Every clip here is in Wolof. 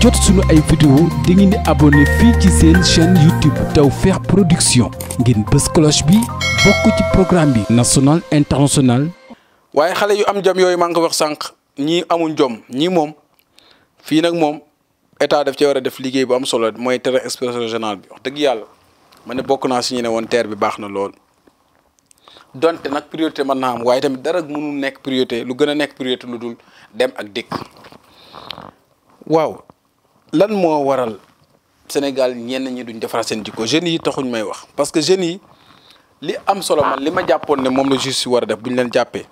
jot suñu ay vidéo da ngeen di abonné fii ci seen chaîne YouTube Tawfekh Production ngeen bës cloche bi bokk ci programme bi national international waaye xale yu am jom yooyu maa ngi ko wax sànq ñii amuñ jom ñii moom fii nag moom état daf ci war a def liggéey bu am solo mooy terrain exposition générale bi wax dëgg yàlla ma ne bokk naa suñu ne woon terre bi baax na lool donte nag priorité mën naa am waaye tamit dara mënul nekk priorité lu gën a nekk priorité lu dul dem ak dikk lan moo waral Sénégal ñenn ñi duñ defaraat seen jikko jeunes yi taxuñ may wax parce que jeunes yi li am solo li ma jàppoon ne moom la justice war a def bu ñu leen jàppee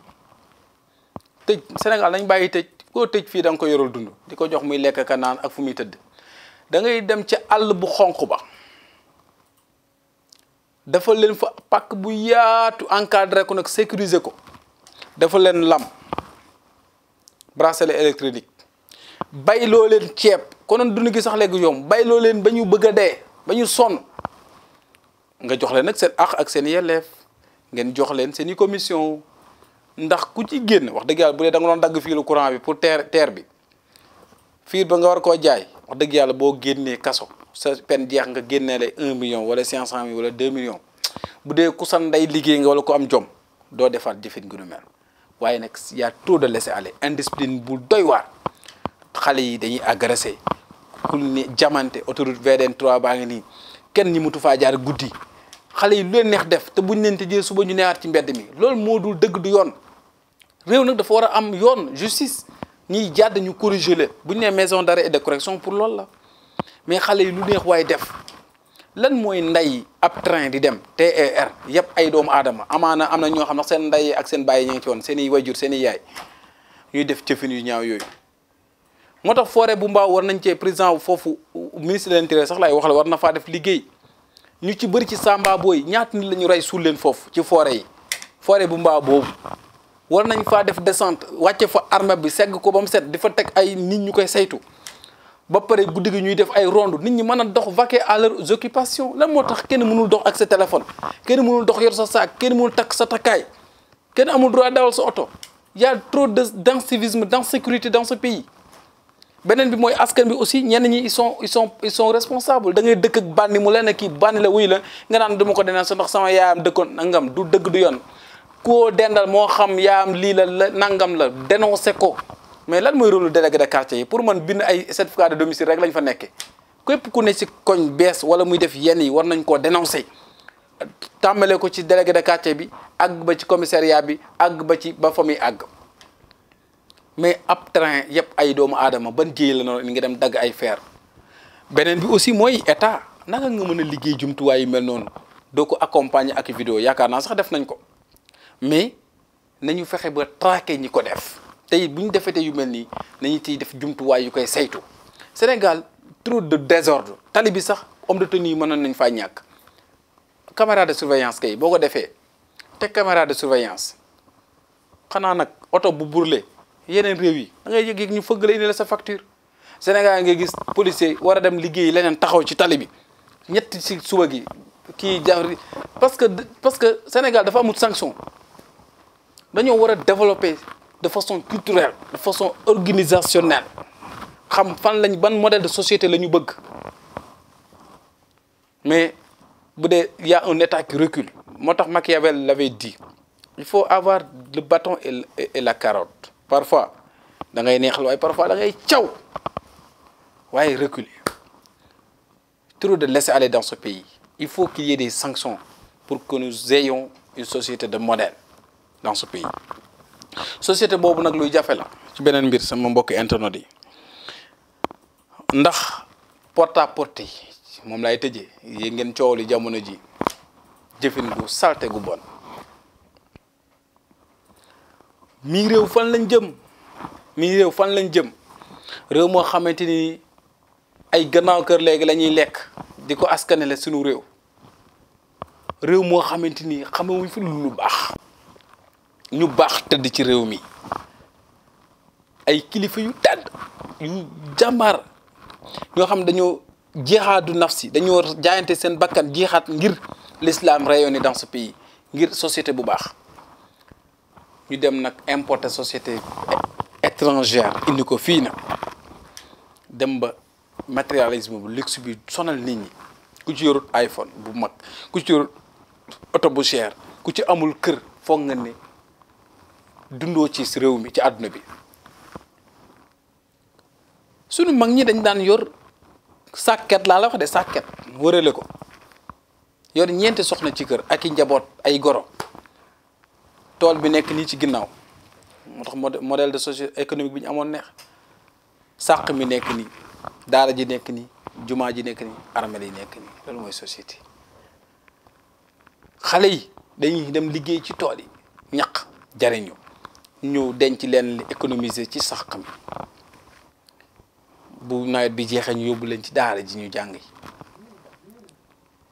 tëj Sénégal dañ bàyyi tëj koo tëj fii da nga ko yoral dund di ko jox muy lekk ka naan ak fu muy tëdd da ngay dem ci àll bu xonq ba dafa leen fa pàkk bu yaatu encadré ko nag sécuriser ko dafa leen lam bracelet électronique bay loo leen ceeb konoon dund gi sax léegi yomb bay loo leen ba ñu bëgg a dee ba ñu sonn nga jox leen nag seen àq ak seen yelleef ngeen jox leen seen i commission ndax ku ci génn wax dëgg yàlla bu dee da doon dagg fiilu courant bi pour teer teer bi fiir ba nga war koo jaay wax dëgg yàlla boo génnee kaso sa pen jeex nga génneele un million wala cinq cent mille wala deux million bu dee ku san day liggéey nga wala ko am jom doo defaat jëfin gi nu waaye nag y a de laisser aller indiscipline bu doy xale yi dañuy agressé ku ne jamante autoroute VDN baa ngi nii kenn ñi mutu faa jaar guddi xale yi lu neex def te buñ leen tëjee suba ñu neexaat ci mbedd mi loolu moo dul dëgg du yoon réew nag dafa war a am yoon justice ñiy jàdd ñu corriger leen bu ñu nee maison d'arrêt et de correction pour loolu la mais xale yi lu neex waay def lan mooy nday ab train di dem te TER yëpp ay doomu aadama amaana am na ñoo xam ne seen nday ak seen bàyyi ñu ngi ci woon seen i wayjur seen i yaay ñuy def cëfin yu ñaaw yooyu moo tax forêt bu mbaaw war nañ cee président foofu ministre de l'intérieur sax laay wax la war na faa def liggéey ñu ci bëri ci Samba booy ñaata nit la ñu rey suul leen foofu ci foore yi foore bu mbaaw boobu war nañ faa def desante wàcce fa armée bi segg ko ba mu set di fa teg ay nit ñu koy saytu ba pare guddi gi ñuy def ay ronde nit ñi mën a dox vaquer à leurs occupations lan moo tax kenn mënul dox ak sa téléphone kenn mënul dox yor sa saak kenn mënul takk sa takkaay kenn amul droit dawal sa oto y a trop de d'incivisme d'insécurité dans ce pays beneen bi mooy askan bi aussi ñenn ñi ils sont ils sont ils sont responsables da ngay dëkk ak bànni mu leen kii bànni la wuy la nga naan dama ko deneen sa ndax sama yaayam nangam du dëgg du yoon koo dendal moo xam yaayam lii la la nangam la dénoncé ko mais lan mooy rôle délégué de quartier yi pour man bind ay certificat de domicile rek lañ fa nekkee képp ku ne ci koñ bees wala muy def yenn yi war nañ koo dénoncé tàmbale ko ci délégué de quartier bi àgg ba ci commissariat bi àgg ba ci ba fa àgg mais ab train yëpp ay doomu aadama ban jéy la noonu ngi dem dagg ay feer beneen bi aussi mooy état naka nga mën a liggéey jumtuwaay yu mel noonu doo ko accompagner ak vidéo yaakaar naa sax def nañ ko mais nañu fexe ba traquer ñi ko def tey bu ñu te yu mel nii nañu ciy def jumtuwaay yu koy saytu Sénégal trop de désordre tali bi sax homme de tenue yi mënoon nañ faa ñàkk caméra de surveillance kay boo ko defee te caméra de surveillance xanaa nag oto bu burle yeneen réew yi da yëg-yëg ñu fëgg la indi la sa facture Sénégal ngay gis policier war a dem liggéey leneen taxaw ci tali bi ñetti ci suba gi kii jar parce que parce que Sénégal dafa amul sanction dañoo war a développer de façon culturelle de façon organisationnelle xam fan lañ ban modèle de société la ñu bëgg mais bu dee y a un état qui recule moo tax Machiavel l'avait dit il faut avoir le bâton et la carotte parfois da ngay neexal waaye parfois da ngay caw waaye reculer trop de laisser aller dans ce pays il faut qu'il y ait pour que nous ayons une société de modèle dans ce pays société boobu nag lu jafe la ci beneen mbir sama mbokk internet yi ndax porte à porte yi moom laay tëjee yéen ngeen coow li jamono ji jëfin gu salte gu bon mii réew fan lañ jëm mii réew fan lañ jëm réew moo xamante ni ay gannaaw kër léegi lañuy lekk di ko askanele sunu réew réew moo xamante ni xamewuñ fi lu baax ñu baax tëdd ci réew mi ay kilifa yu tàdd yu jàmbar ñoo xam dañoo jeexaadu nafsi dañoo jaayante seen bakkan jeexaat ngir l'islam rayonné dans ce pays ngir société bu baax ñu dem nag importer société étrangère indi ko fii nag dem ba matérialisme bu luxe bi sonal nit ñi ku ci yorut iPhone bu mag ku ci yorut oto bu cher ku ci amul kër foog nga ni dundoo ci réew mi ci àdduna bi sunu mag ñi dañ daan yor sàkket laa la wax de sàkket wërale ko yor ñeenti soxna ci kër ak i njaboot ay goro tool bi nekk nii ci ginnaaw moo tax modèle de socio économique bi ñu amoon neex sàq mi nekk nii daara ji nekk nii jumaa ji nekk nii armée yi nekk nii loolu mooy société xale yi dañuy dem liggéey ci tool yi ñaq jariñu ñu denc leen li économiser ci sàq mi bu nawet bi jeexee ñu yóbbu leen ci daara ji ñu jàng yi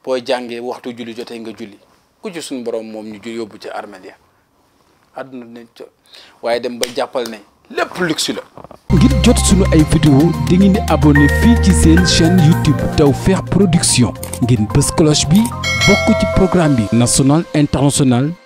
booy jàngee waxtu julli jotee nga julli ku ci suñu borom moom ñu yóbbu ci armée ya àdduna dinañ waaye dem ba jàppal ne lépp luxe la. ngir jot sunu ay vidéo di ngeen di abonné fii ci seen chaîne YouTube Tawfekh Production ngir bës cloche bi bokk ci programme bi national international.